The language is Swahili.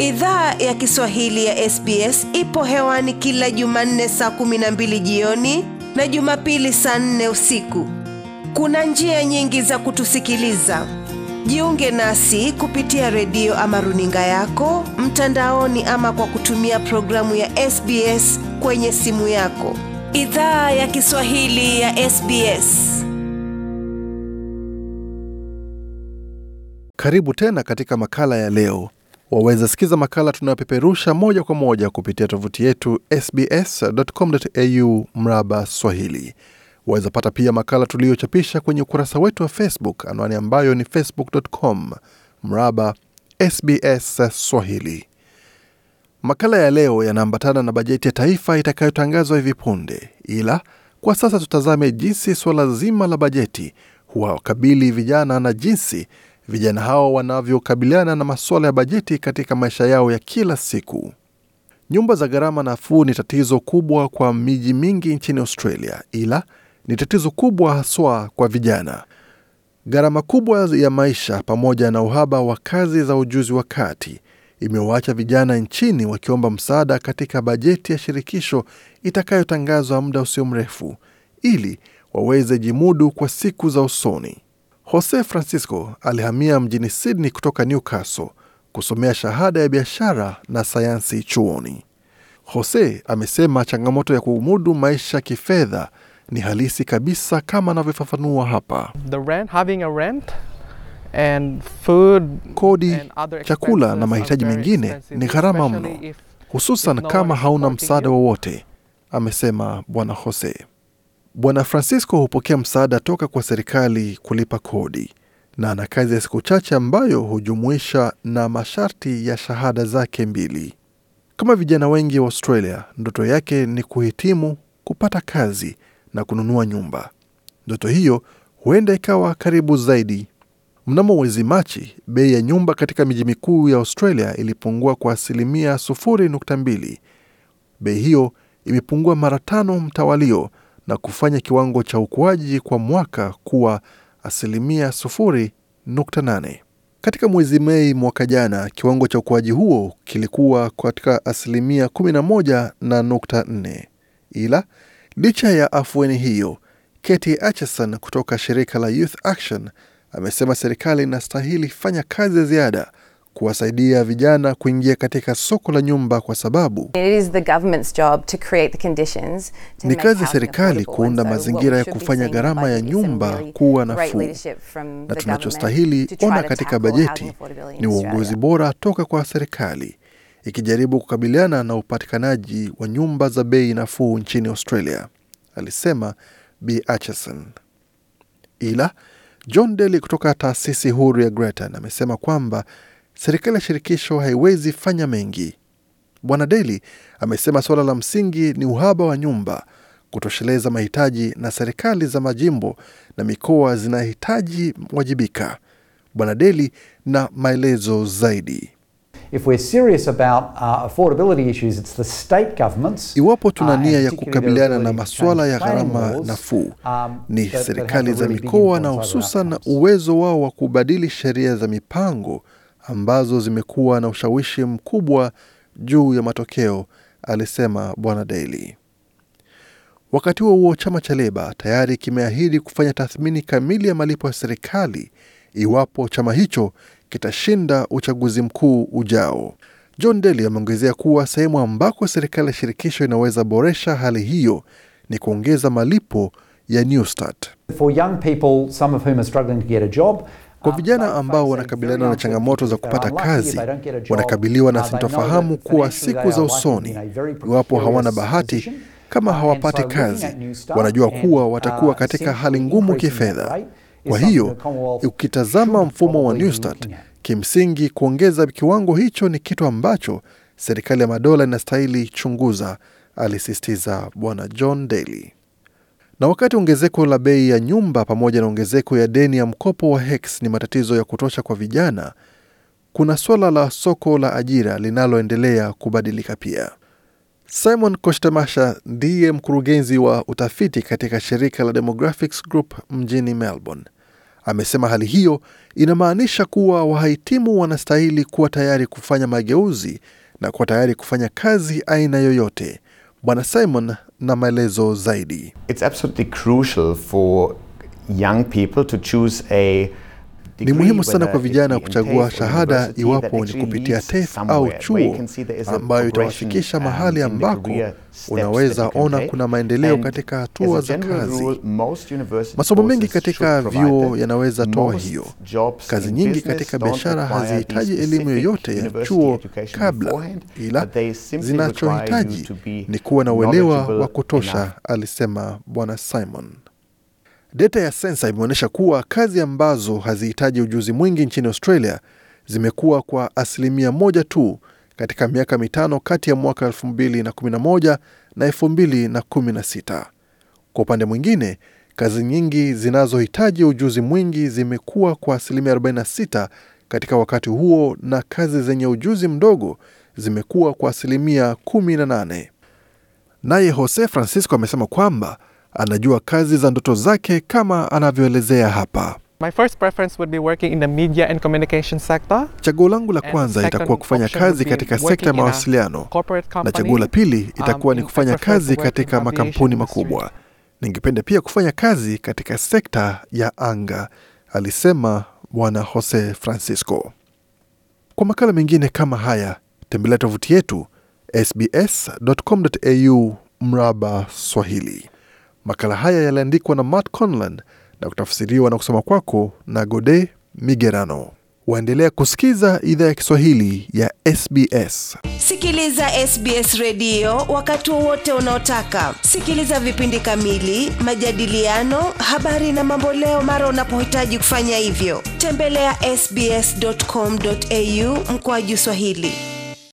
Idhaa ya Kiswahili ya SBS ipo hewani kila Jumanne saa kumi na mbili jioni na Jumapili saa nne usiku. Kuna njia nyingi za kutusikiliza. Jiunge nasi kupitia redio ama runinga yako mtandaoni, ama kwa kutumia programu ya SBS kwenye simu yako. Idhaa ya Kiswahili ya SBS. Karibu tena katika makala ya leo. Waweza sikiza makala tunayopeperusha moja kwa moja kupitia tovuti yetu sbs.com.au mraba Swahili. Waweza pata pia makala tuliyochapisha kwenye ukurasa wetu wa Facebook, anwani ambayo ni facebook.com mraba SBS Swahili. Makala ya leo yanaambatana na bajeti ya taifa itakayotangazwa hivi punde, ila kwa sasa tutazame jinsi suala zima la bajeti huwakabili vijana na jinsi vijana hao wanavyokabiliana na masuala ya bajeti katika maisha yao ya kila siku. Nyumba za gharama nafuu ni tatizo kubwa kwa miji mingi nchini Australia, ila ni tatizo kubwa haswa kwa vijana. Gharama kubwa ya maisha pamoja na uhaba wa kazi za ujuzi wa kati imewaacha vijana nchini wakiomba msaada katika bajeti ya shirikisho itakayotangazwa muda usio mrefu ili waweze jimudu kwa siku za usoni. Jose Francisco alihamia mjini Sydney kutoka Newcastle kusomea shahada ya biashara na sayansi chuoni. Jose amesema changamoto ya kuumudu maisha kifedha ni halisi kabisa kama anavyofafanua hapa. The rent, having a rent and food, kodi, and chakula na mahitaji mengine ni gharama mno, hususan kama hauna msaada wowote, amesema Bwana Jose. Bwana Francisco hupokea msaada toka kwa serikali kulipa kodi na ana kazi ya siku chache ambayo hujumuisha na masharti ya shahada zake mbili. Kama vijana wengi wa Australia, ndoto yake ni kuhitimu, kupata kazi na kununua nyumba. Ndoto hiyo huenda ikawa karibu zaidi. Mnamo mwezi Machi, bei ya nyumba katika miji mikuu ya Australia ilipungua kwa asilimia 0.2. Bei hiyo imepungua mara tano mtawalio na kufanya kiwango cha ukuaji kwa mwaka kuwa asilimia 0.8. Katika mwezi Mei mwaka jana, kiwango cha ukuaji huo kilikuwa katika asilimia 11 na 4. Ila licha ya afueni hiyo, Katie Acheson kutoka shirika la Youth Action amesema serikali inastahili fanya kazi ya ziada kuwasaidia vijana kuingia katika soko la nyumba kwa sababu ni kazi ya serikali kuunda mazingira ya kufanya gharama ya nyumba kuwa nafuu, na tunachostahili ona katika bajeti ni uongozi bora toka kwa serikali ikijaribu kukabiliana na upatikanaji wa nyumba za bei nafuu nchini Australia, alisema b Acheson. Ila John Daly kutoka taasisi huru ya Grattan amesema kwamba serikali ya shirikisho haiwezi fanya mengi. Bwana Deli amesema suala la msingi ni uhaba wa nyumba, kutosheleza mahitaji, na serikali za majimbo na mikoa zinahitaji wajibika. Bwana Deli na maelezo zaidi. If we're serious about, uh, affordability issues, it's the state governments, iwapo tuna uh, nia ya kukabiliana na masuala ya gharama nafuu um, ni serikali za mikoa na hususan uwezo wao wa kubadili sheria za mipango ambazo zimekuwa na ushawishi mkubwa juu ya matokeo, alisema Bwana Daly. Wakati huo huo, chama cha Leba tayari kimeahidi kufanya tathmini kamili ya malipo ya serikali iwapo chama hicho kitashinda uchaguzi mkuu ujao. John Daly ameongezea kuwa sehemu ambako serikali ya shirikisho inaweza boresha hali hiyo ni kuongeza malipo ya For young people, some of whom are struggling to get a job, kwa vijana ambao wanakabiliana na changamoto za kupata kazi, wanakabiliwa na sintofahamu kuwa siku za usoni, iwapo hawana bahati kama hawapati kazi, wanajua kuwa watakuwa katika hali ngumu kifedha. Kwa hiyo ukitazama mfumo wa Newstart, kimsingi kuongeza kiwango hicho ni kitu ambacho serikali ya madola inastahili chunguza, alisisitiza Bwana John Daly. Na wakati ongezeko la bei ya nyumba pamoja na ongezeko ya deni ya mkopo wa HEX ni matatizo ya kutosha kwa vijana, kuna suala la soko la ajira linaloendelea kubadilika pia. Simon koshtemasha ndiye mkurugenzi wa utafiti katika shirika la Demographics Group mjini Melbourne. Amesema hali hiyo inamaanisha kuwa wahitimu wanastahili kuwa tayari kufanya mageuzi na kuwa tayari kufanya kazi aina yoyote Bwana Simon na maelezo zaidi. It's absolutely crucial for young people to choose a ni muhimu sana kwa vijana kuchagua shahada iwapo ni kupitia TAFE au chuo ambayo itawafikisha mahali ambako unaweza ona kuna maendeleo katika hatua za kazi. Masomo mengi katika vyuo yanaweza toa hiyo. Kazi nyingi katika biashara hazihitaji elimu yoyote ya chuo kabla, ila zinachohitaji ni kuwa na uelewa wa kutosha, alisema Bwana Simon. Data ya sensa imeonyesha kuwa kazi ambazo hazihitaji ujuzi mwingi nchini Australia zimekuwa kwa asilimia moja tu katika miaka mitano kati ya mwaka 2011 na 2016. Kwa upande mwingine, kazi nyingi zinazohitaji ujuzi mwingi zimekuwa kwa asilimia 46 katika wakati huo na kazi zenye ujuzi mdogo zimekuwa kwa asilimia 18. Naye Jose Francisco amesema kwamba anajua kazi za ndoto zake kama anavyoelezea hapa. My first preference would be working in the media and communication sector. Chaguo langu la kwanza itakuwa kufanya kazi katika sekta ya mawasiliano na chaguo la pili um, itakuwa um, ni kufanya kazi katika makampuni makubwa. Ningependa pia kufanya kazi katika sekta ya anga, alisema Bwana Jose Francisco. Kwa makala mengine kama haya, tembelea tovuti yetu sbs.com.au mraba Swahili. Makala haya yaliandikwa na Matt Conlan na kutafsiriwa na kusoma kwako na Gode Migerano. Waendelea kusikiza idhaa ya Kiswahili ya SBS. Sikiliza SBS redio wakati wowote unaotaka. Sikiliza vipindi kamili, majadiliano, habari na mamboleo mara unapohitaji kufanya hivyo. Tembelea ya sbs.com.au mkoaji Swahili.